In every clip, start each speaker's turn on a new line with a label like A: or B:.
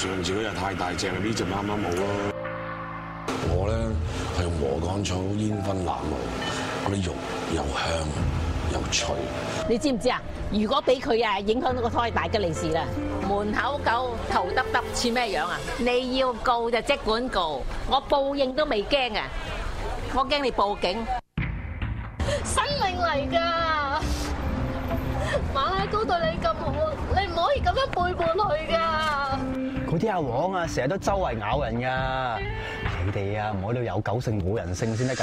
A: 上次嗰隻太大隻，呢隻啱啱好咯。我咧係用禾稈草煙燻蠟燭，嗰啲肉又香又脆。你知唔知啊？如果俾佢啊影響到個胎大吉利是啦。門口狗頭耷耷似咩樣啊？你要告就即管告，我報應都未驚啊！我驚你報警。生命嚟㗎，馬拉糕對你咁好，你唔可以咁樣背叛佢㗎。
B: 啲阿黃啊，成日都周圍咬人噶，你哋啊，唔好有狗性冇人性先得㗎。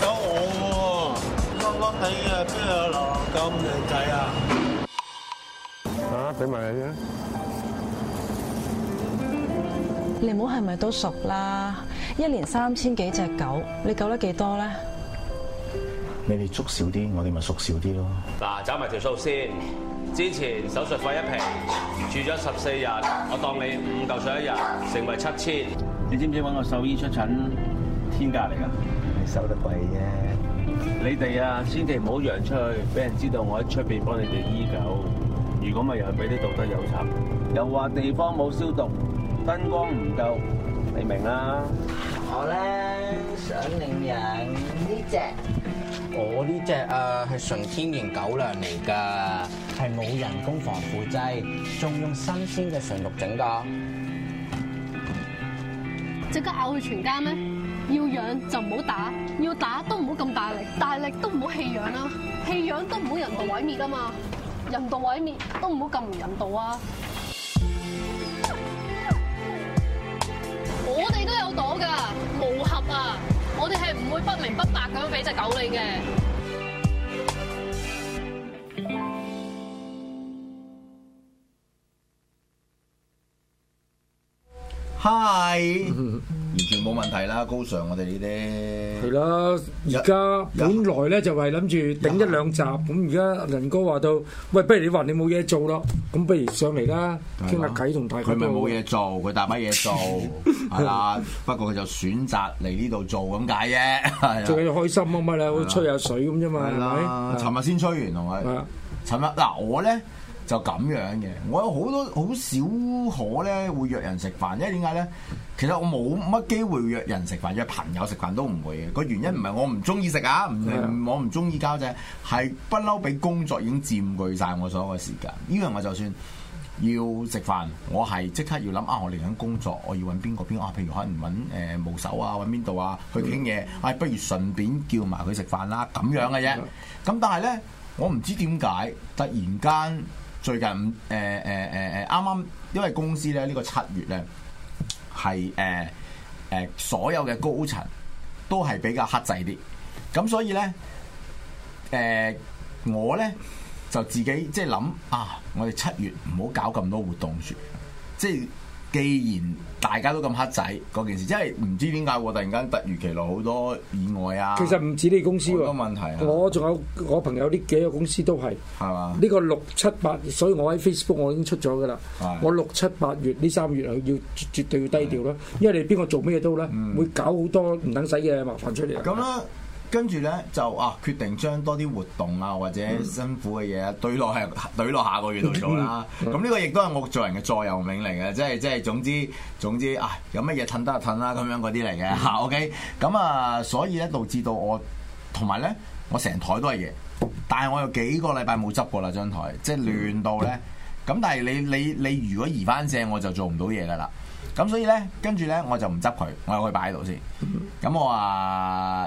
B: 狗我㗎，乾乾地啊，邊有流浪狗咁靚仔
A: 啊？啊，俾埋你啦。你唔好係咪都熟啦？一年三千幾隻狗，你救得
B: 幾多咧？你哋捉少啲，我哋咪縮少啲咯。嗱，走埋條數先。之前手術費一平，住咗十四日，我當你五嚿水一日，成為七千。你知唔知搵個獸醫出診天價嚟㗎？收得貴啫。你哋啊，千祈唔好揚出去，俾人知道我喺出邊幫你哋醫狗。如果咪又係俾啲道德有賊，又話地方冇消毒，燈光唔夠，你明啦。我咧想領養呢隻。我呢隻啊係純天然狗糧嚟噶，係冇人工防腐劑，仲用新鮮嘅純肉整噶。
A: 即刻咬佢全家咩？要養就唔好打，要打都唔好咁大力，大力都唔好棄養啦，棄養都唔好人道毀滅吖嘛，人道毀滅都唔好咁唔人道啊！
B: 不明不白咁樣俾隻狗你嘅。Hi。問題啦，高 Sir 我哋呢啲係啦，
A: 而家本來咧就係諗住頂一兩集，咁而家林哥話到，
B: 喂，不如你話你冇嘢做咯，咁不如上嚟啦，傾下偈同大家。佢咪冇嘢做，佢大把嘢做，係啦。不過佢就選擇嚟呢度做咁解啫，係。最緊要
A: 開心啊嘛你啦，吹下水咁
B: 啫嘛，係咪？尋日先吹完同我，尋日嗱我咧。就咁樣嘅，我有好多好少可咧會約人食飯，因為點解咧？其實我冇乜機會約人食飯，約朋友食飯都唔會嘅。個原因唔係我唔中意食啊，唔 Yeah. 我唔中意交啫，係不嬲俾工作已經佔據晒我所有嘅時間。呢樣我就算要食飯，我係即刻要諗啊，我嚟緊工作，我要揾邊個啊？譬如可能揾誒務手啊，揾邊度啊去傾嘢，哎、啊、不如順便叫埋佢食飯啦，咁樣嘅啫。咁但係咧，我唔知點解突然間。最近誒誒誒誒啱啱，因為公司咧呢個七月咧係誒誒所有嘅高層都係比較克制啲，咁所以咧誒、呃、我咧就自己即係諗啊，我哋七月唔好搞咁多活動住，即係。既然大家都咁黑仔嗰件事，因為唔知點解喎，突然間突如其來好多意外啊！其實
A: 唔止你公司喎，好多問題、啊、我仲有我朋友呢幾個公司都係。係嘛嗎？呢個六七八，所以我喺 Facebook 我已經出咗噶啦。的我六七八月呢三月要
B: 絕絕對要低調咯，嗯、因為你邊個做咩都咧會搞好多唔等使嘅麻煩出嚟。咁啦、嗯。嗯跟住咧就啊，決定將多啲活動啊或者辛苦嘅嘢、啊，堆落去堆落下個月度做啦、啊。咁呢個亦都係我做人嘅座右銘嚟嘅，即係即係總之總之啊，有乜嘢褪得褪啦，咁樣嗰啲嚟嘅嚇。OK，咁啊，所以咧導致到我同埋咧，我成台都係嘢，但係我有幾個禮拜冇執過啦張台，即係亂到咧。咁但係你你你如果移翻正，我就做唔到嘢㗎啦。咁所以咧，跟住咧我就唔執佢，我可以擺喺度先。咁我話。啊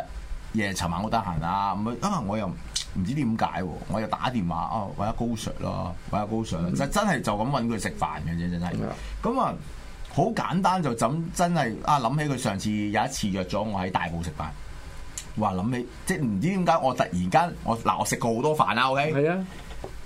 B: 夜尋晚我得閒啦，唔去啊！我又唔知點解，我又打電話啊，喂阿高 Sir 咯、mm，喂阿高 Sir，就真係就咁揾佢食飯嘅啫，真係。咁啊、mm，好、hmm. 簡單就咁真係啊？諗起佢上次有一次約咗我喺大埔食飯，哇！諗起即係唔知點解我突然間我嗱，我食過好多飯啦，OK？係啊、mm。Hmm.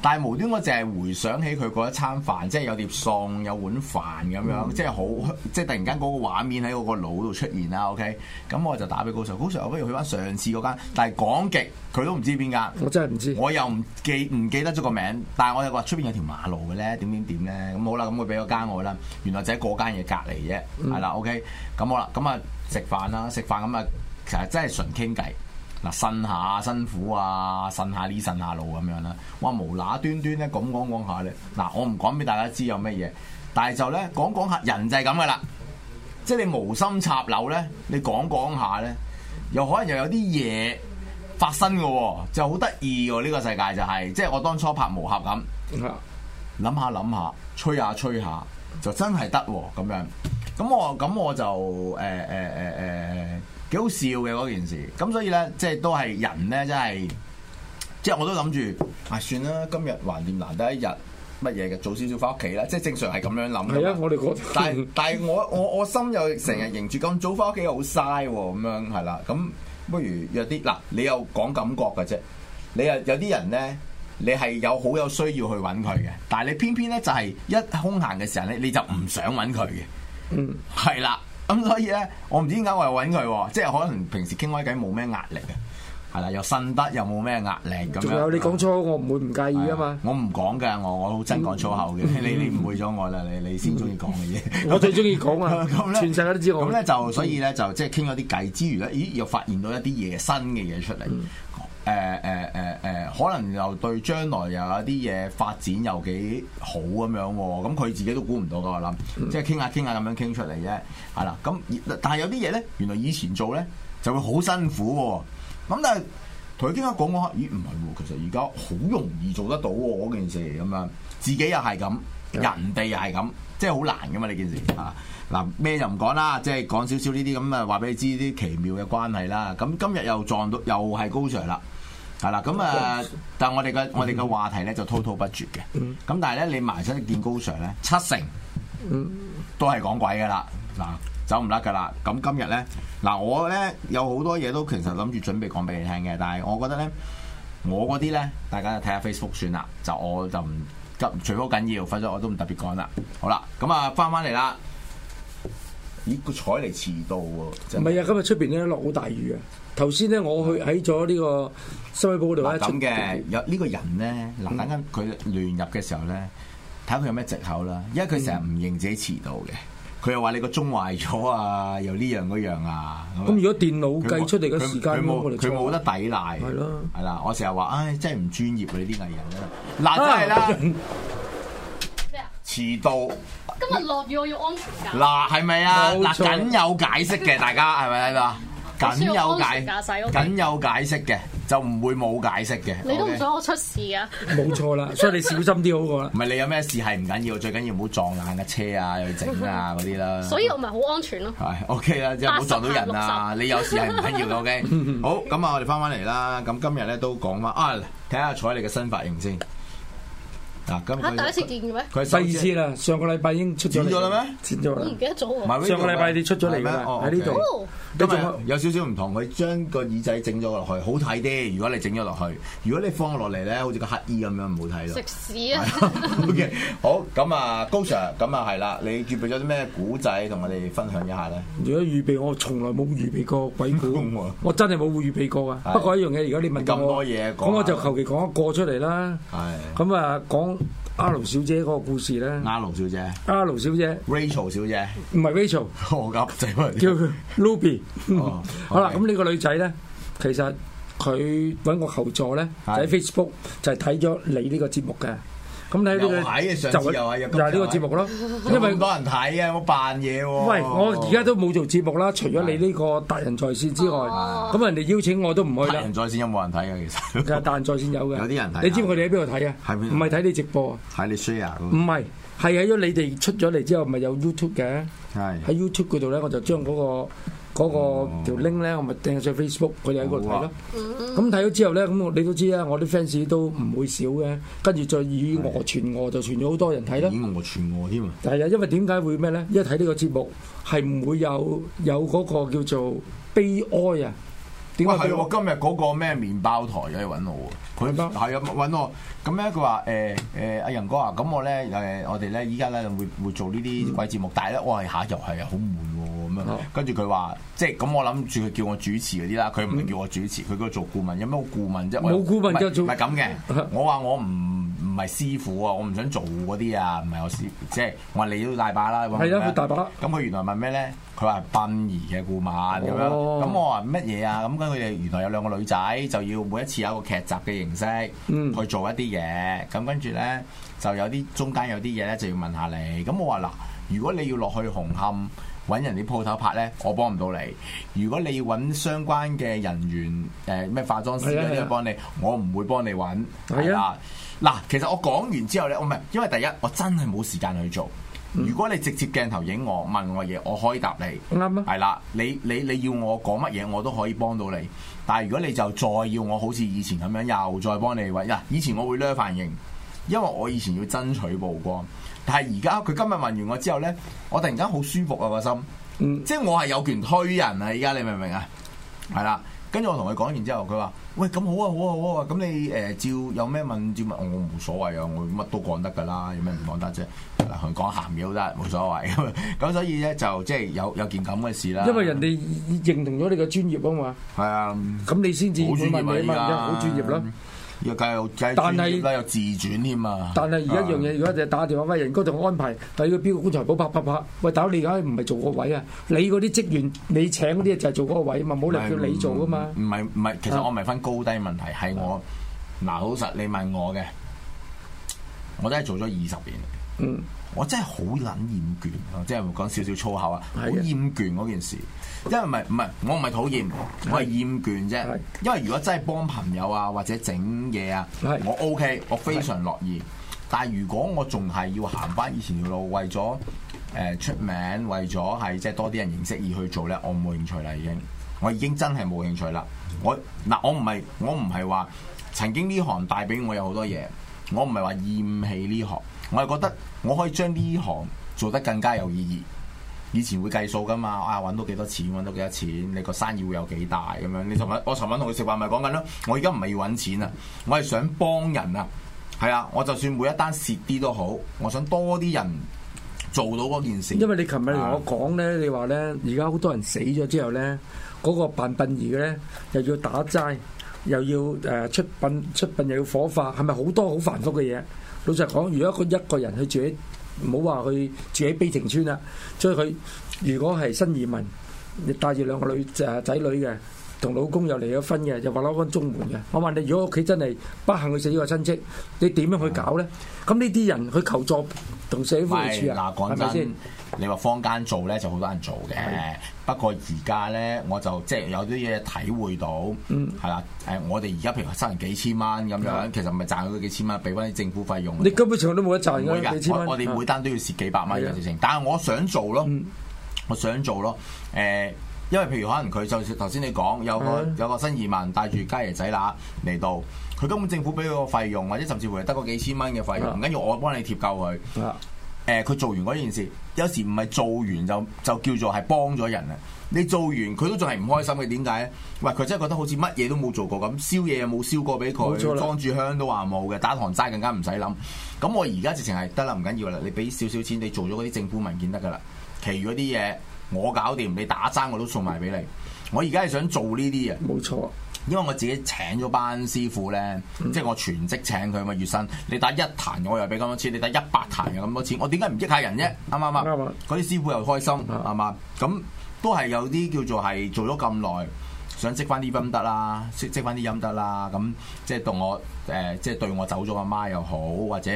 B: 但係無端我淨係回想起佢嗰一餐飯，即係有碟餸有碗飯咁樣，即係好即係突然間嗰個畫面喺我個腦度出現啦。OK，咁、嗯、我就打俾高 Sir，高 Sir，我不如去翻上次嗰間，但係講極佢都唔知邊間，我真係唔知，我又唔記唔記得咗個名，但係我又話出邊有條馬路嘅咧，點點點咧，咁、嗯、好啦，咁佢俾咗間我啦，原來就喺嗰間嘢隔離啫，係啦、嗯、OK，咁、嗯、好啦，咁啊食飯啦，食飯咁啊其實真係純傾偈。嗱，呻下辛苦啊，呻下呢，呻下路咁樣啦。哇，無那端端咧，講講講下咧，嗱，我唔講俾大家知有咩嘢，但係就咧講講下，人就係咁噶啦。即係你無心插柳咧，你講講下咧，又可能又有啲嘢發生噶，就好得意噶呢個世界就係、是，即係我當初拍武俠咁，諗下諗下，吹下吹下，就真係得咁樣。咁我咁我就誒誒誒誒。呃呃呃呃呃呃幾好笑嘅嗰件事，咁所以咧，即係都係人咧，真係，即係我都諗住，啊、哎，算啦，今日橫掂難得一日乜嘢嘅，早少少翻屋企啦，即係正常係咁樣諗嘅。係啊，我哋但係是 但係我我我心又成日凝住，咁早翻屋企好嘥喎，咁樣係啦，咁不如有啲嗱，你又講感覺嘅啫，你又有啲人咧，你係有好有需要去搵佢嘅，但係你偏偏咧就係一空閒嘅時候咧，你就唔想搵佢嘅，嗯，係啦。咁、 嗯、所以咧，我唔知點解我又搵佢，即係可能平時傾開偈冇咩壓力嘅，係啦，又新得又冇咩壓力咁。仲有你講粗口，我唔會唔介意啊嘛。我唔講噶，我我好憎講粗口嘅，你你誤會咗我啦，你你先中意講嘅嘢。 嗯 嗯、 我最中意講啊，全世界都知道我。咁咧就所以咧就即係傾咗啲偈之餘咧，咦又發現到一啲嘢，新嘅嘢出嚟。 誒誒誒誒，可能又對將來又有啲嘢發展又幾好咁樣喎，咁佢自己都估唔到噶，我諗，即係傾下傾下咁樣傾出嚟啫，係啦，咁但係有啲嘢咧，原來以前做咧就會好辛苦喎、哦，咁但係同佢傾下講講，咦，唔係喎，其實而家好容易做得到喎、哦、嗰件事嚟咁樣，自己又係咁，嗯、人哋又係咁，即係好難噶嘛呢件事嚇嗱咩就唔講啦，即係講少少呢啲咁啊，話俾你知啲奇妙嘅關係啦，咁今日又撞到又係高 Sir 啦～係啦，咁啊， 嗯、但係我哋嘅、嗯、我哋嘅話題咧就滔滔不絕嘅，咁、嗯、但係咧你埋身一見高 Sir 咧七成都講，都係講鬼嘅啦，嗱走唔甩噶啦，咁今日咧嗱我咧有好多嘢都其實諗住準備講俾你聽嘅，但係我覺得咧我嗰啲咧大家就睇下 Facebook 算啦，就我就唔急，除非好緊要，否則我都唔特別講啦。好啦，咁啊翻翻嚟啦，咦，個采嚟遲到喎，唔
A: 係啊，今日出邊咧落好大雨啊。頭先
B: 咧，我去喺咗呢個新聞報度咧。咁嘅有呢個人咧，嗱等緊佢亂入嘅時候咧，睇下佢有咩藉口啦。因為佢成日唔認自己遲到嘅，佢又話你個鐘壞咗啊，又呢樣嗰樣啊。咁、嗯、如果電腦計出嚟嘅時間，佢冇得抵賴。係咯。係啦，我成日話，唉，真係唔專業嘅呢啲藝人咧。嗱真係啦。咩 遲到。
A: 今日落雨，我要安
B: 全感。嗱係咪啊？嗱沒錯，僅有解釋嘅，大家係咪喺度緊有解，緊有，okay? 有解釋嘅，就唔會冇解釋嘅。Okay? 你都唔想
A: 我出事啊？冇錯啦，所
B: 以你小心啲好過啦。唔係你有咩事係唔緊要，最緊要唔好撞爛架車啊，又去整啊嗰啲啦。所以我咪好安全咯。係、哎、OK 啦，80 即係唔好撞到人啊！你有事係唔緊要，OK。 好，咁啊，看看我哋翻翻嚟啦。咁今日咧都講翻啊，睇下采妮你嘅新髮型先。嚇、啊、第一次見嘅咩？佢係新意思啦，上個禮拜已經出咗嚟。出咗啦咩？了我唔記得咗喎。上個禮拜你出咗嚟咩？喺呢度。咁、oh, 啊、okay. oh. 有少少唔同，佢將個耳仔整咗落去，好睇啲。如果你整咗落去，如果你放落嚟咧，好似個乞兒咁樣，唔好睇咯。食屎啊 ！OK，好咁啊，高 Sir，咁啊係啦，你準備咗啲咩古仔同我哋分享一下咧？
A: 如果預備，我從來冇預備過鬼古 我真係冇會預備過啊！ 不過一樣嘢，如果你問我，咁我就求其講一個出嚟啦。係的。咁啊講。阿盧小姐嗰個故事咧，阿盧小姐，阿盧小姐，Rachel 小姐，唔係 Rachel，何噏仔，achel, 叫佢 Ruby、 oh, okay.。好啦，咁呢個女仔咧，其實佢揾我求助咧，喺 Facebook 是就係睇咗你呢個節目嘅。
B: 咁睇呢個睇嘅上期又係又係呢個節目咯，因為咁多人睇啊，我扮嘢喎。喂，我而家都
A: 冇做節目啦，除咗你呢個達仁在線之外，
B: 咁的人哋邀請我都唔去啦。達仁在線有冇人睇啊？ 其實有達仁在線有嘅。有啲人睇。你知唔知佢哋喺邊度睇啊？係唔係睇你直播啊？睇你 share。唔
A: 係，係喺咗你哋出咗嚟之後，咪有 YouTube 嘅。係。喺 YouTube 嗰度咧，我就將嗰、那個。嗰個條 link 咧，我咪掟上 Facebook，佢就喺嗰度睇咯。咁睇咗之後咧，咁你都知啦，我啲 fans 都唔會少嘅。跟住再以訛傳訛，就傳咗好多人睇咯。以訛傳訛添啊！但係啊，因為點解會咩咧？一睇呢個節目係唔會有有嗰個叫做悲哀啊？點解係喎，
B: 今日嗰個咩麵包台有去揾我佢係啊，揾嗎我咁咧。佢話誒誒，阿、欸欸、仁哥啊，咁我咧誒、呃，我哋咧依家咧會會做呢啲鬼節目，但係咧，哇，下又係好悶喎、啊。嗯、跟住佢話，即係咁，我諗住佢叫我主持嗰啲啦。佢唔係叫我主持，佢叫做顧問，有咩好顧問啫？冇顧問就做唔係咁嘅。我話我唔唔係師傅啊，我唔想做嗰啲啊。唔係我師，即係我話你都大把啦。係啊的，佢大把。咁佢多原來問咩咧？佢話，殯儀嘅顧問咁樣。咁、哦、我話乜嘢啊？咁跟住佢哋原來有兩個女仔就要每一次有一個劇集嘅形式去做一啲嘢。咁、嗯、跟住咧就有啲中間有啲嘢咧就要問下你。咁我話嗱，如果你要落去紅磡。揾人哋鋪頭拍呢，我幫唔到你。如果你揾相關嘅人員，誒、呃、咩化妝師嗰啲幫你，的我唔會幫你揾。係啦的，嗱的，其實我講完之後呢，我唔係，因為第一我真係冇時間去做。嗯、如果你直接鏡頭影我問我嘢，我可以答你。啱啊的。係啦，你你、你要我講乜嘢，我都可以幫到你。但係如果你就再要我好似以前咁樣，又再幫你揾，以前我會掠反應，因為我以前要爭取曝光。但係而家佢今日問完我之後咧，我突然間好舒服啊個心，即係我係有權推人啊！而家你明唔明啊？係啦，跟住我同佢講完之後，佢話：喂，咁好啊，好啊，好啊！咁你誒、呃、照有咩問照問我，我冇所謂，冇所謂啊，我乜都講得噶啦，有咩唔講得啫？同佢講鹹嘢都得，冇所謂咁。咁所以咧就即係有有件咁嘅事啦。因為
A: 人哋認同咗你嘅專業啊嘛。係啊，
B: 咁你先至好專業好專業啦。又計有計啲有自轉添、啊、嘛？但係而家樣嘢，
A: 如果就打電話喂，人哥同我安排，第二個邊個棺材保，保拍，拍拍。啪？喂，大佬，你而家
B: 唔係做個位啊？你嗰啲職員，你請嗰啲就係做嗰個位冇理由嘛？唔係叫你做噶嘛？唔係唔係，其實我唔係分高低問題，係我嗱老的、啊、實，你問我嘅，我真係做咗二十年。嗯，我真係好撚厭倦，即係講少少粗口啊！好的厭倦嗰件事。因為唔係唔係，我唔係討厭，我係厭倦啫。的因為如果真係幫朋友啊或者整嘢啊，的我 OK，我非常樂意。的但係如果我仲係要行翻以前條路，為咗誒、呃、出名，為咗係即係多啲人認識而去做咧，我冇興趣啦，已經。我已經真係冇興趣啦。我嗱，我唔係我唔係話曾經呢行帶俾我有好多嘢，我唔係話厭棄呢行，我係覺得我可以將呢行做得更加有意義。以前會計數㗎嘛，啊，揾到幾多錢，揾到幾多錢，你個生意會有幾大咁樣？你尋晚我尋晚同佢食飯咪講緊咯，我而家唔係要揾錢啊，我係想幫人啊，係啊，我就算每一單蝕啲都好，我想多啲人做到嗰件事。因為你尋日同我
A: 講咧，啊、你話咧，而家好多人死咗之後咧，嗰、個辦殯儀嘅咧又要打齋，又要誒出殯出殯又要火化，係咪好多好繁複嘅嘢？老實講，如果一個一個人去住。唔好話佢住喺悲情村啦，所以佢如果係新移民，你帶住兩個女仔仔女嘅，同老公又離咗婚嘅，又話攞翻中門嘅，我話你，如果屋企真係不幸去死咗個親戚，你點樣去搞咧？咁呢啲人去求助同社會，會去處啊，嗱，講係咪先？是
B: 是你話坊間做咧，就好多人做嘅。不過而家咧，我就即係有啲嘢體會到，係啦，誒，我哋而家譬如收人幾千蚊咁樣，其實唔係賺嗰幾千蚊，俾翻啲政府費用。你根本上都冇得賺嗰幾千蚊。我哋每單都要蝕幾百蚊嘅事情，但係我想做咯，我想做咯，誒，因為譬如可能佢就頭先你講有個有個新移民帶住家爺仔乸嚟到，佢根本政府俾佢個費用，或者甚至乎係得嗰幾千蚊嘅費用，跟住我幫你貼夠佢。誒，佢做完嗰件事，有時唔係做完就就叫做係幫咗人啦。你做完佢都仲係唔開心嘅，點解咧？喂，佢真係覺得好似乜嘢都冇做過咁，燒嘢又冇燒過俾佢，冇錯。裝住香都話冇嘅，打堂齋更加唔使諗。咁我而家直情係得啦，唔緊要啦。你俾少少錢，你做咗嗰啲政府文件得噶啦。其餘嗰啲嘢我搞掂，你打齋我都送埋俾你。我而家係想做呢啲嘢，冇錯。因為我自己請咗班師傅咧，即係我全職請佢咪月薪？你打一壇我又俾咁多錢，你打一百壇又咁多錢，我點解唔益下人啫？啱唔啱啊？嗰啲 師傅又開心係嘛？咁 都係有啲叫做係做咗咁耐，想積翻啲陰德啦，積積翻啲陰德啦。咁即係對我誒，即係、呃、對我走咗阿媽又好，或者。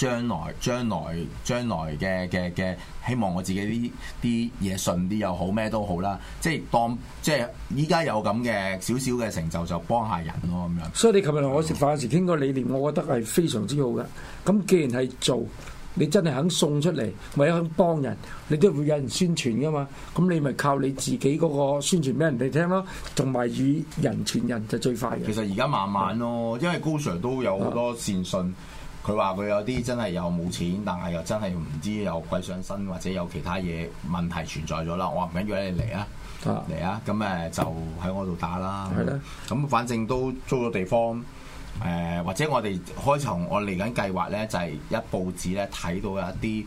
B: 將來將來將來嘅嘅嘅希望，我自己啲啲嘢順啲又好，咩都好啦。即係當即係依家有咁嘅少少嘅成就，就幫下人咯咁
A: 樣。所以你琴日同我食飯時傾個理念，我覺得係非常之好㗎。咁既然係做，你真係肯送出嚟，為咗肯幫人，你都會有人宣傳噶嘛。咁你咪靠你自己嗰個宣傳俾人哋聽咯。同埋與
B: 人傳人就最快嘅。其實而家慢慢咯，因為高 Sir 都有好多善信。啊佢話：佢有啲真係又冇錢，但係又真係唔知有鬼上身，或者有其他嘢問題存在咗啦。我話唔緊要，你嚟啊，嚟啊，咁誒就喺我度打啦。係啦，咁反正都租咗地方誒、呃，或者我哋開場，我嚟緊計劃咧，就係、是、一報紙咧睇到有一啲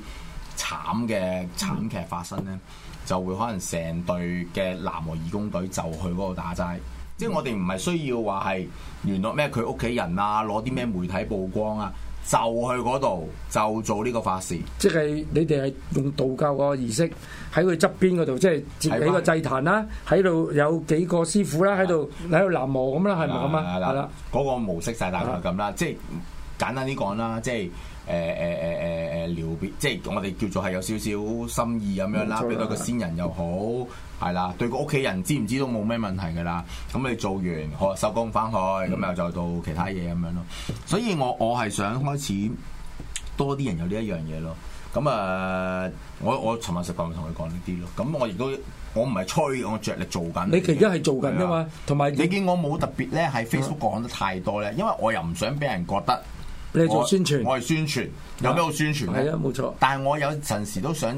B: 慘嘅慘劇發生咧，就會可能成隊嘅南和義工隊就去嗰度打齋，即係我哋唔係需要話係聯絡咩佢屋企人啊，攞啲咩媒體曝光啊。就去嗰度，就做呢個法事，
A: 即係你哋係用道教個儀式喺佢側邊嗰度，即係設幾個祭壇啦，喺度吧有幾個師傅啦，喺度喺度南無咁啦，
B: 係咪咁啊？係啦，嗰個模式晒大概咁啦吧，即係簡單啲講啦，即係。誒誒誒誒誒聊別，即係我哋叫做係有少少心意咁樣啦，俾到個先人又好，係啦，對個屋企人知唔知都冇咩問題噶啦。咁你做完，我收工翻去，咁又再到其他嘢咁樣咯。所以我我係想開始多啲人有呢一樣嘢咯。咁啊，我我尋日食飯同佢講呢啲咯。咁我亦都，我唔係吹，我着力做緊。你而家係做緊啊嘛，同埋的有你見我冇特別咧喺 Facebook 講得太多咧，因為我又唔想俾人覺得。你做宣傳，我係宣傳，有咩好宣傳咧？係啊，冇錯。但係我有陣時都想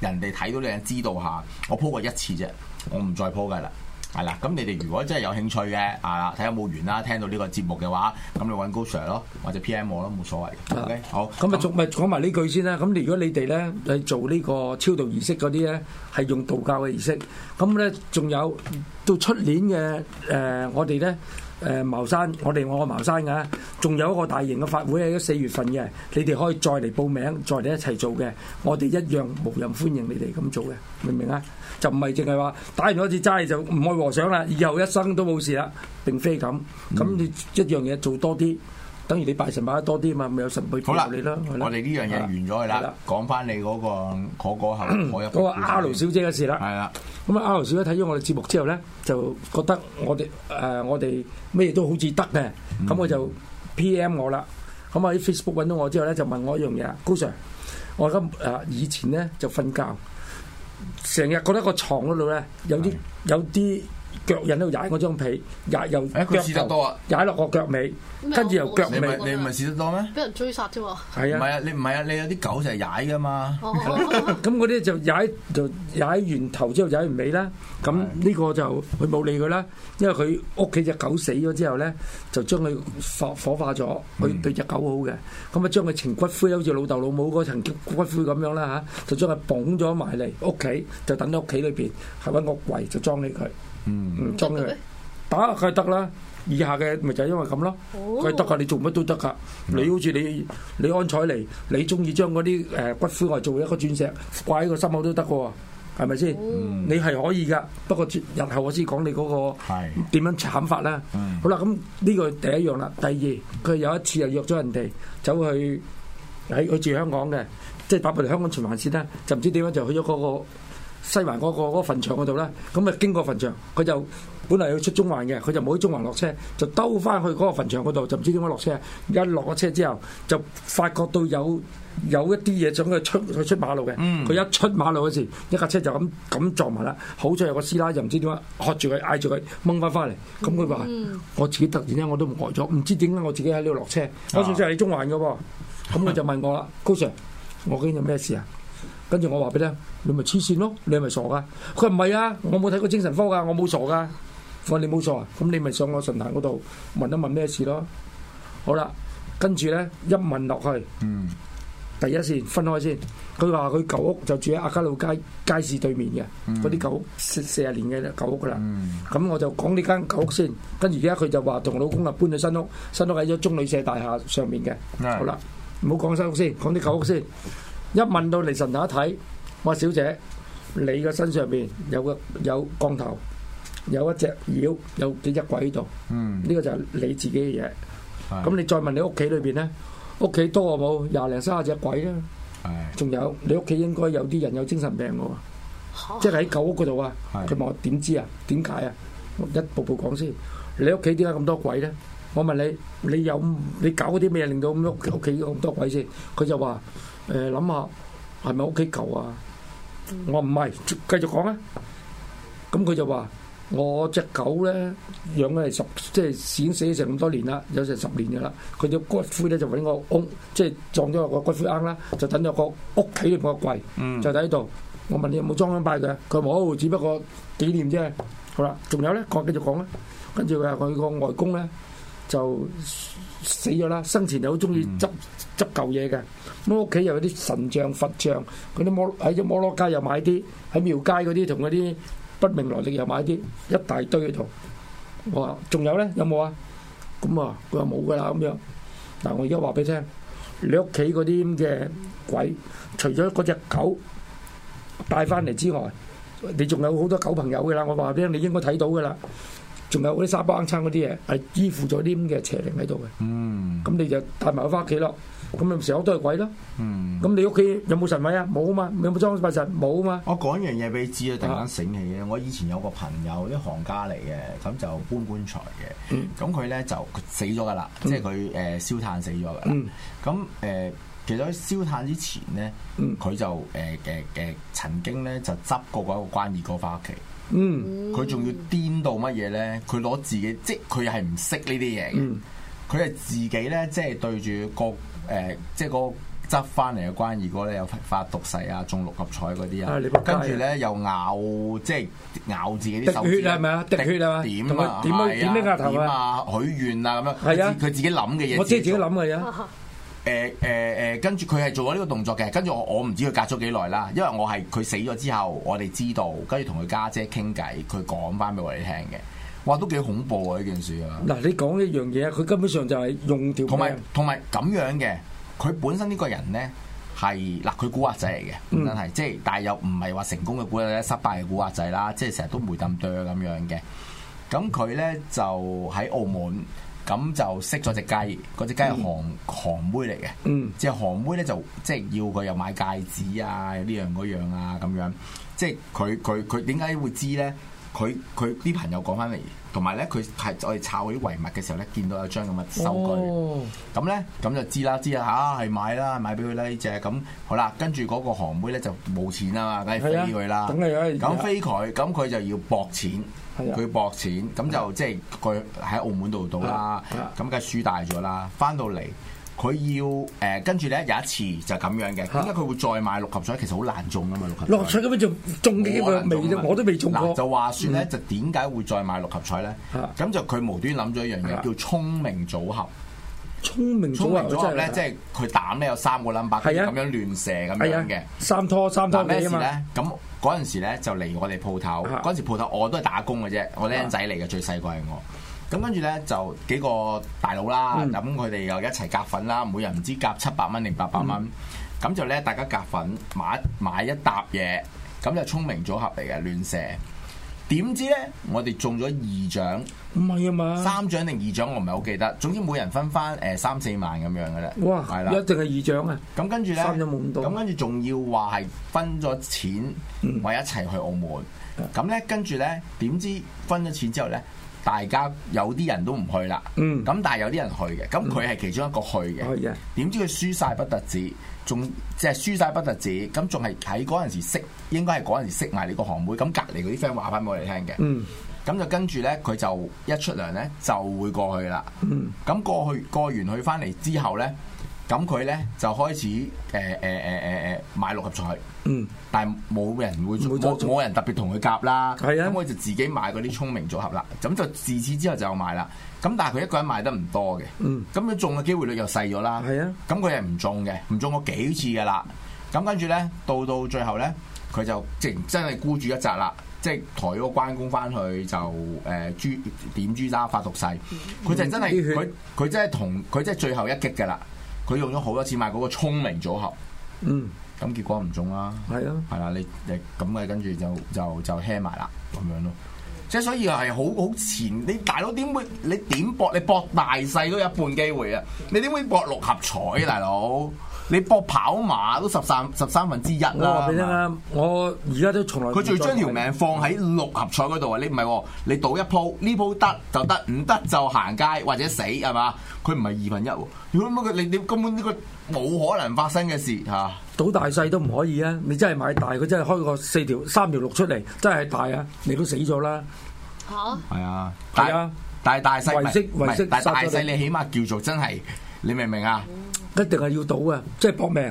B: 人哋睇到你，知道下。我鋪過一次啫，我唔再鋪噶啦。係啦，咁你哋如果真係有興趣嘅啊，睇下有冇緣啦，聽到呢個節目嘅話，咁你搵高 Sir 咯，或者 PM 我咯，冇所謂。的 o、okay? K，好。
A: 咁啊，嗯，仲咪講埋呢句先啦。咁如果你哋咧係做呢個超度儀式嗰啲咧，係用道教嘅儀式。咁咧，仲有到出年嘅誒、呃，我哋咧。誒茅山，我哋愛茅山㗎，仲有一個大型嘅法會喺四月份嘅，你哋可以再嚟報名，再嚟一齊做嘅，我哋一樣無任歡迎你哋咁做嘅，明唔明啊？就唔係淨係話打完一次齋就唔愛和尚啦，以後一生都冇事啦。並非咁，咁你一樣嘢做多啲。等於你拜神拜得多啲啊嘛，咪有神去扶你咯。了的我哋呢樣嘢完咗啦，
B: 講翻的你嗰、那個可可后，我個 R、
A: L、小姐嘅事啦。係啦的，咁啊 R、L、小姐睇咗我哋節目之後咧，就覺得我哋誒、呃、我哋咩都好似得嘅，咁我就 P M 我啦。咁啊喺 Facebook 揾到我之後咧，就問我一樣嘢，高 Sir，我而家誒、呃、以前咧就瞓覺，成日覺得個床嗰度咧有啲有啲。有腳印度踩嗰張被，
B: 踩又得多啊，踩落個腳尾，跟住又腳尾，你唔係你試得多咩？俾人追殺啫喎！係是啊，唔係啊，你唔係啊，你有啲狗就係踩噶嘛。咁嗰啲就踩就
A: 踩完頭之後踩完尾啦。咁呢個就佢冇理佢啦，因為佢屋企隻狗死咗之後咧，就將佢火火化咗。佢對隻狗好嘅，咁啊將佢情骨灰，好似老豆老母嗰層骨灰咁樣啦吓，就將佢捧咗埋嚟屋企，就等喺屋企裏邊，係揾個櫃就裝起佢。嗯，唔真嘅，打佢得啦，以下嘅咪就因為咁咯，佢得噶，你做乜都得噶。嗯、你好似你，你安采妮，你中意將嗰啲誒骨灰嚟做一個鑽石掛喺個心口都得噶，係咪先？你係可以噶、嗯，不過日後我先講你嗰個點是樣慘法啦。嗯、好啦，咁呢個第一樣啦，第二佢有一次又約咗人哋走去喺佢住香港嘅，即係打佢哋香港循環線啦，就唔知點樣就去咗嗰、嗰個。西環嗰個嗰個墳場嗰度咧，咁咪經過墳場，佢就本嚟要出中環嘅，佢就冇喺中環落車，就兜翻去嗰個墳場嗰度，就唔知點解落車。一落咗車之後，就發覺到有有一啲嘢想佢出佢出馬路嘅，佢一出馬路嗰時，一架車就咁咁撞埋啦。好彩有個師奶就唔知點解，喝住佢嗌住佢掹翻翻嚟。咁佢話：我自己突然咧我都唔愕咗，唔知點解我自己喺呢度落車，我仲在喺中環嘅喎。咁佢就問我啦： 高 Sir，我究竟有咩事啊？跟住我話俾你聽，你咪黐線咯，你咪傻噶！佢唔係啊，我冇睇過精神科噶，我冇傻噶。我話你冇傻啊，咁你咪上我神壇嗰度問一問咩事咯。好啦，跟住咧一問落去，嗯、第一先分開先。佢話佢舊屋就住喺阿卡路街街市對面嘅嗰啲舊屋，四四十年嘅舊屋噶啦。咁我就講呢間舊屋先。跟住而家佢就話同老公啊，搬咗新屋，新屋喺咗中旅社大廈上面嘅。嗯、好啦，唔好講新屋先，講啲舊屋先。一問到嚟神頭一睇，我話小姐，你嘅身上邊有個有降頭，有一隻妖，有幾隻鬼喺度？嗯，呢個就係你自己嘅嘢。咁你再問你屋企裏邊咧，屋企多啊冇廿零三十隻鬼啦。係，仲有你屋企應該有啲人有精神病嘅喎，即係喺舊屋嗰度啊。佢問我點知啊？點解啊？我一步步講先。你屋企點解咁多鬼咧？我問你，你有你搞嗰啲咩令到屋屋企咁多鬼先？佢就話。誒，諗下係咪屋企狗啊？我唔係，繼續講啊。咁佢就話我隻狗咧養咗係十，即係死死咗成咁多年啦，有成十年噶啦。佢啲骨灰咧就搵我屋，即係撞咗個骨灰龕啦，就等咗個屋企嘅個櫃，嗯、就喺度。我問你有冇裝香拜佢？佢冇，只不過紀念啫。好啦，仲有咧，我繼續講啦。跟住佢話佢個外公咧，就死咗啦！生前又好中意執執舊嘢嘅，咁屋企又有啲神像、佛像，嗰啲摩喺咗摩羅街又買啲，喺廟街嗰啲同嗰啲不明來歷又買啲，一大堆喺度。我話仲有咧，有冇啊？咁啊，佢話冇㗎喇咁樣。嗱，我而家話俾你聽，你屋企嗰啲咁嘅鬼，除咗嗰隻狗帶返嚟之外，你仲有好多狗朋友㗎喇。我話俾你聽，你應該睇到㗎喇。仲有啲沙巴硬撐嗰啲嘢，係依附咗黏嘅邪靈喺度嘅。嗯，咁你就帶埋佢翻屋企咯。咁啊，
B: 成日都係鬼咯。嗯，咁你屋企有冇神位啊？冇啊嘛，有冇裝佛神？冇啊嘛。我講一樣嘢俾你知啊，突然間醒起咧，我以前有個朋友，啲行家嚟嘅，咁就搬棺材嘅。嗯。咁佢咧就死咗噶啦，嗯、即係佢誒燒炭死咗噶啦。嗯。咁誒，其實喺燒炭之前咧，佢就誒誒誒，曾經咧就執過一個關二哥翻屋企。嗯，佢仲要癲到乜嘢咧？佢攞自己，即係佢係唔識呢啲嘢嘅。佢係自己咧，即係對住個誒，即係個執翻嚟嘅關二哥咧，有發毒誓啊，中六合彩嗰啲啊，跟住咧又咬，即係咬自己啲手血係咪啊？滴血啊嘛！點啊？點啊？點拎牙頭啊？許願啊咁樣。係啊，佢自己諗嘅嘢。我知自己諗嘅嘢。誒誒誒，跟住佢係做咗呢個動作嘅，跟住我我唔知佢隔咗幾耐啦，因為我係佢死咗之後，我哋知道，跟住同佢家姐傾偈，佢講翻俾我哋聽嘅，哇，都幾恐怖啊！呢件事啊，嗱，你講一樣嘢，佢根本上就係用條同埋同埋咁樣嘅，佢本身呢個人咧係嗱，佢古惑仔嚟嘅，真係即係，嗯、但係又唔係話成功嘅古，古惑仔，失敗嘅古惑仔啦，即係成日都梅冧哚咁樣嘅，咁佢咧就喺澳門。咁就識咗隻雞，嗰隻、嗯、雞係韓韓妹嚟嘅，嗯，即係韓妹咧就即係要佢又買戒指啊呢樣嗰樣啊咁樣，即係佢佢佢點解會知咧？佢佢啲朋友講翻嚟，同埋咧佢係我哋炒嗰啲遺物嘅時候咧，見到有張咁嘅收據，咁咧咁就知啦，知啦吓，係、啊、買啦，買俾佢啦呢隻，咁好啦，跟住嗰個韓妹咧就冇錢啊嘛，梗係飛佢啦，咁飛佢，咁佢就要博錢。佢博錢，咁就的即係佢喺澳門度賭啦，咁梗係輸大咗啦。翻到嚟，佢要誒跟住咧有一次就咁樣嘅，點解佢會再買六合彩？其實好難中㗎嘛，六合彩。六合彩就中幾個未，我都未中，中過。就話算咧，嗯、就點解會再買六合彩咧？咁的、嗯、就佢無端諗咗一樣嘢，叫聰明組合。
A: 聰明聰明組合咧，即
B: 係佢膽咧有三個 number 咁、啊、樣亂射咁樣嘅
A: 三拖三咩事嘛。
B: 咁嗰陣時咧就嚟我哋鋪頭嗰陣時，鋪頭我都係打工嘅啫，我僆仔嚟嘅，最細個係我咁。跟住咧就幾個大佬啦，咁佢哋又一齊夾粉啦，每人唔知夾七百蚊定八百蚊咁，就咧大家夾粉買買一沓嘢咁，就聰明組合嚟嘅亂射。點知咧？我哋中咗二獎，唔係啊嘛，三獎定二獎我唔係好記得。總之每人分翻誒三四萬咁樣嘅啦。哇，係啦的，一定係二獎啊！咁跟住咧，咁跟住仲要話係分咗錢，我、嗯、一齊去澳門。咁咧、嗯，跟住咧，點知分咗錢之後咧？大家有啲人都唔去啦，咁、嗯、但係有啲人去嘅，咁佢係其中一個去嘅。點知佢輸晒不特止，仲即係輸晒不特止，咁仲係喺嗰陣時識，應該係嗰陣時識埋你個行妹。咁隔離嗰啲 friend 話翻俾我哋聽嘅，咁、嗯、就跟住呢，佢就一出糧呢就會過去啦。咁、嗯、過去過完去翻嚟之後呢。咁佢咧就開始誒誒誒誒誒買六合彩，嗯，但係冇人會冇人特別同佢夾啦，係啊，咁我就自己買嗰啲聰明組合啦。咁就自此之後就買啦。咁但係佢一個人買得唔多嘅，嗯，咁佢中嘅機會率又細咗啦，係啊，咁佢又唔中嘅，唔中過幾次㗎啦。咁跟住咧到到最後咧，佢就即係真係孤注一擲啦，即係抬咗個關公翻去就誒、呃、豬點豬乸發毒誓，
A: 佢就真係佢佢真係
B: 同佢真係結 結 最後一擊㗎啦。佢用咗好多次買嗰個聰明組合，嗯，咁結果唔中啦，係啊，係啦，你你咁嘅跟住就就就 hea 埋啦，咁樣咯，即係所以係好好前，你大佬點會你點搏？你搏大細都有一半機會啊！你點會搏六合彩，大佬？你博跑馬都十三十三分之一啦。我話俾你聽啦，
A: 我而家都從來，佢仲要將條命
B: 放喺六合彩嗰度啊！你唔係，你賭一鋪，呢鋪得就得，唔得就行街或者死，係嘛？佢唔係二分一。如果唔好，佢你你根本呢個冇可能發生嘅事吓。賭大細都唔可以啊！你真係買大，佢真係開個四條三
A: 條六出嚟，真係大啊！你都死咗啦。吓，係啊！大啊！但係大細唔係，但係大細你起碼叫做真係，你明唔明啊？一定係要賭嘅，即係搏命。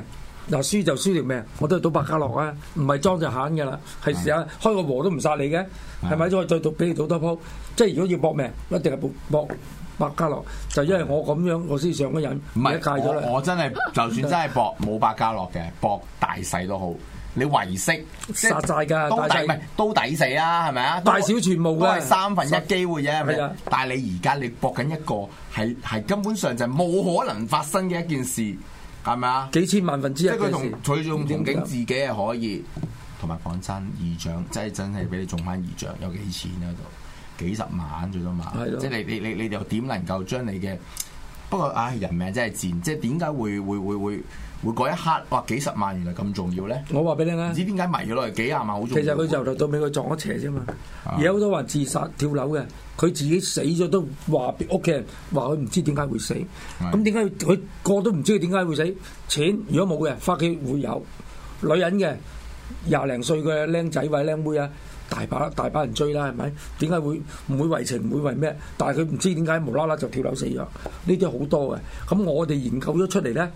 A: 嗱、啊，輸就輸條命。我都係賭百家樂啊，唔係莊就閒噶啦，係成下，開個和都唔殺你嘅，係咪、嗯、再再賭俾你賭多鋪？即係如果要搏命，一定係搏搏百家樂，就因為我咁樣我思想嘅人唔係一戒咗我，我
B: 真係就算真係搏，冇百家樂嘅，搏大細都好。你遺失是殺曬噶，都抵唔都抵死啦，係咪啊？大小全部都係三分一機會啫，但係你而家你搏緊一個係係根本上就冇可能發生嘅一件事，係咪啊？幾千萬分之一嘅事，即係佢同取中同景自己係可以同埋仿生二獎，即係真係俾你中翻二獎，有幾錢啊？度，幾十萬最多萬，對即係是你你你你又點能夠將你嘅？不過，唉、哎，人命真係賤，即係點解會會會會會嗰一刻哇幾十萬原來咁重要咧？我話俾你聽，唔知點解迷咗落嚟幾廿萬好重要。其
A: 實佢就到尾佢撞咗邪啫嘛。啊、而好多話自殺跳樓嘅，佢自己死咗都話俾屋企人話佢唔知點解會死。
B: 咁點解佢
A: 個都唔知佢點解會死？錢如果冇嘅，發起會有女人嘅廿零歲嘅僆仔或者僆妹啊。大把大把人追啦，係咪？點解會唔會為情？唔會為咩？但係佢唔知點解無啦啦就跳樓死咗。呢啲好多嘅。咁我哋研究咗出嚟咧，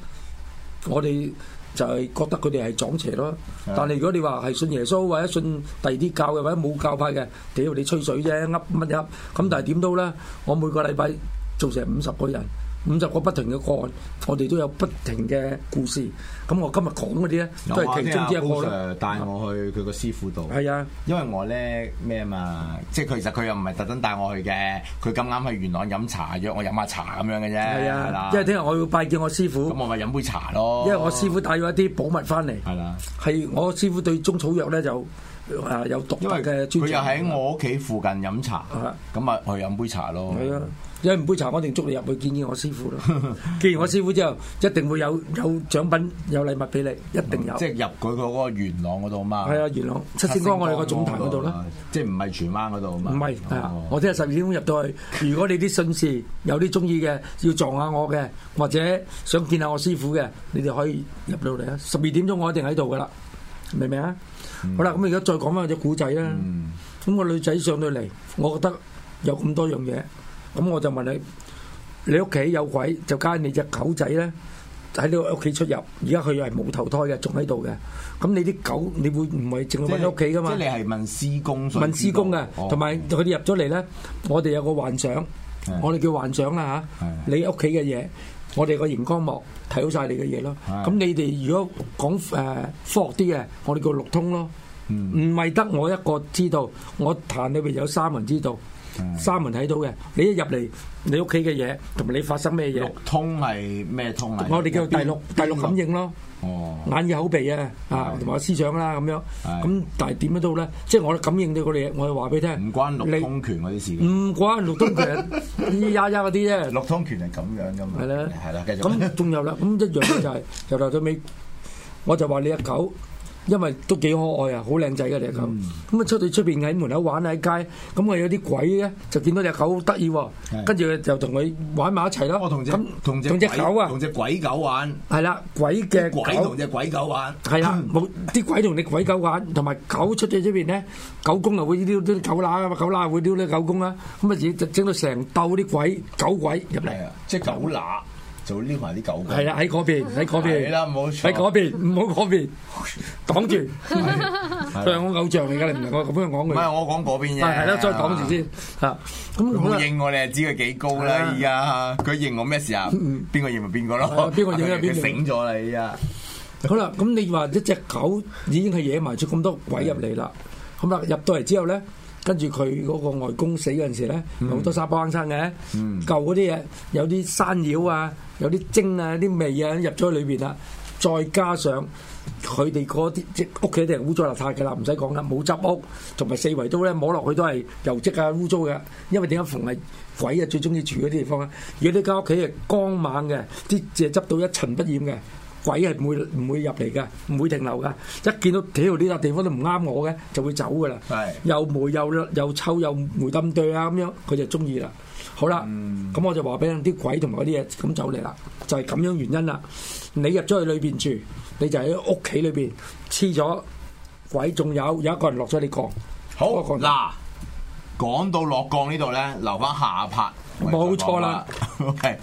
A: 我哋就係覺得佢哋係撞邪咯。但係如果你話係信耶穌或者信第二啲教嘅或者冇教派嘅，屌你吹水啫，噏乜噏。咁但係點都咧，我每個禮拜做成五十個人。五十個不停嘅個案，我哋都有不停嘅故事。
B: 咁我今日講嗰啲咧，都係其中之一個。帶、啊、我去佢個師傅度。係啊，因為我咧咩嘛，即係其實佢又唔係特登帶我去嘅，佢咁啱去元朗飲茶，約我飲下茶咁樣嘅啫。係啊，啊因為聽日我要拜見我師傅，咁我咪飲杯茶咯。因為我
A: 師傅帶咗一啲寶物翻嚟。係啦、啊，係我師傅對中草藥咧就啊有獨特嘅專長。佢又喺我屋企附近飲茶，咁啊去飲杯茶咯。因埋杯茶，我一定捉你入去見見我師傅咯。見完我師傅之後一定會有有獎品、有禮物俾你，一定有。嗯、即係
B: 入佢個元朗嗰度啊嘛。係啊，元朗七星崗我哋個總壇嗰度啦。即係唔係荃灣嗰度啊嘛？唔係、哦，
A: 我聽日十二點鐘入到去。 如果你啲信士有啲中意嘅，要撞下我嘅，或者想見下我師傅嘅，你哋可以入到嚟啊！十二點鐘我一定喺度噶啦，明唔明啊？嗯、好啦，咁而家再講翻隻古仔啦。咁、嗯、個女仔上到嚟，我覺得有咁多樣嘢。咁我就問你，你屋企有鬼就加你隻狗仔咧，喺你屋企出入。而家佢又係冇投胎嘅，仲喺度嘅。咁你啲狗，你會唔係淨係問屋企噶嘛？即係你係問施工？問施工嘅，同埋佢哋入咗嚟咧，我哋有個幻想，我哋叫幻想啦嚇。你屋企嘅嘢，我哋個熒光幕睇到晒你嘅嘢咯。咁你哋如果講誒科學啲嘅，我哋叫六通咯。唔係得我一個知道，我壇裏面有三人知道。三門睇到嘅，你一入嚟你屋企嘅嘢，同埋你發生咩嘢？六通係咩通啊？我哋叫做第六第六感應咯。哦。眼耳口鼻啊，啊，同埋思想啦，咁樣。係。咁但係點樣都好咧，即係我哋感應到啲嘢，我哋話俾你聽。唔關六通權嗰啲事。唔關六通權咿呀呀嗰啲啫。六通權係咁樣噶嘛？係咧。係啦，繼續。咁仲有啦，咁一樣嘅就係由頭到尾，我就話你隻狗。因為都幾可愛啊，好靚仔嘅隻狗。咁啊出到出邊喺門口玩啊喺街，咁啊有啲鬼咧就見到隻狗好得意喎。跟住佢就同佢玩埋一齊咯。咁同隻同隻狗
B: 啊，同隻鬼狗玩。
A: 係啦，鬼嘅鬼同隻鬼狗玩。係啦，冇啲鬼同你鬼狗玩，同埋狗出到出邊咧，狗公又會撩啲狗乸，咁啊狗乸會撩啲狗公啦。咁啊，而整到成兜啲鬼狗鬼入嚟。即狗乸。
B: 就撩埋啲狗。係啊，
A: 喺嗰邊，喺嗰邊。係啦，冇錯。喺嗰邊，唔好嗰邊，擋住，係我偶像嚟噶，
B: 你唔能夠咁樣講佢。唔係我講嗰邊嘢。係啦，再擋住先嚇。咁我應我你係知佢幾高啦。而家佢應我咩時候？邊個應咪邊個咯？邊個應就邊個應。佢醒咗啦，
A: 依家。好啦，咁你話一隻狗已經係惹埋咗咁多鬼入嚟啦。好啦，入到嚟之後咧。跟住佢嗰個外公死嗰陣時咧，好、嗯、多沙包掹生嘅，嗯、舊嗰啲嘢有啲山妖啊，有啲精啊，啲味啊入咗去裏邊啦。再加上佢哋嗰啲即屋企啲人污糟邋遢嘅啦，唔使講啦，冇執屋同埋四圍都咧摸落去都係油漬啊、污糟嘅。因為點解逢係鬼啊最中意住嗰啲地方咧？如果呢間屋企係光猛嘅，啲嘢執到一塵不染嘅。鬼係唔會唔會入嚟噶，唔會停留噶。一見到，屌呢笪地方都唔啱我嘅，就會走噶啦。係又黴又又臭又黴汁哚啊咁樣，佢就中意啦。好啦，咁我就話俾啲鬼同埋嗰啲嘢咁走嚟啦，就係咁樣原因啦。你入咗去裏邊住，你就喺屋企裏邊黐咗鬼，仲有有一個人落咗你
B: 降。好嗱，講到落降呢度咧，留翻下拍。冇錯啦。OK。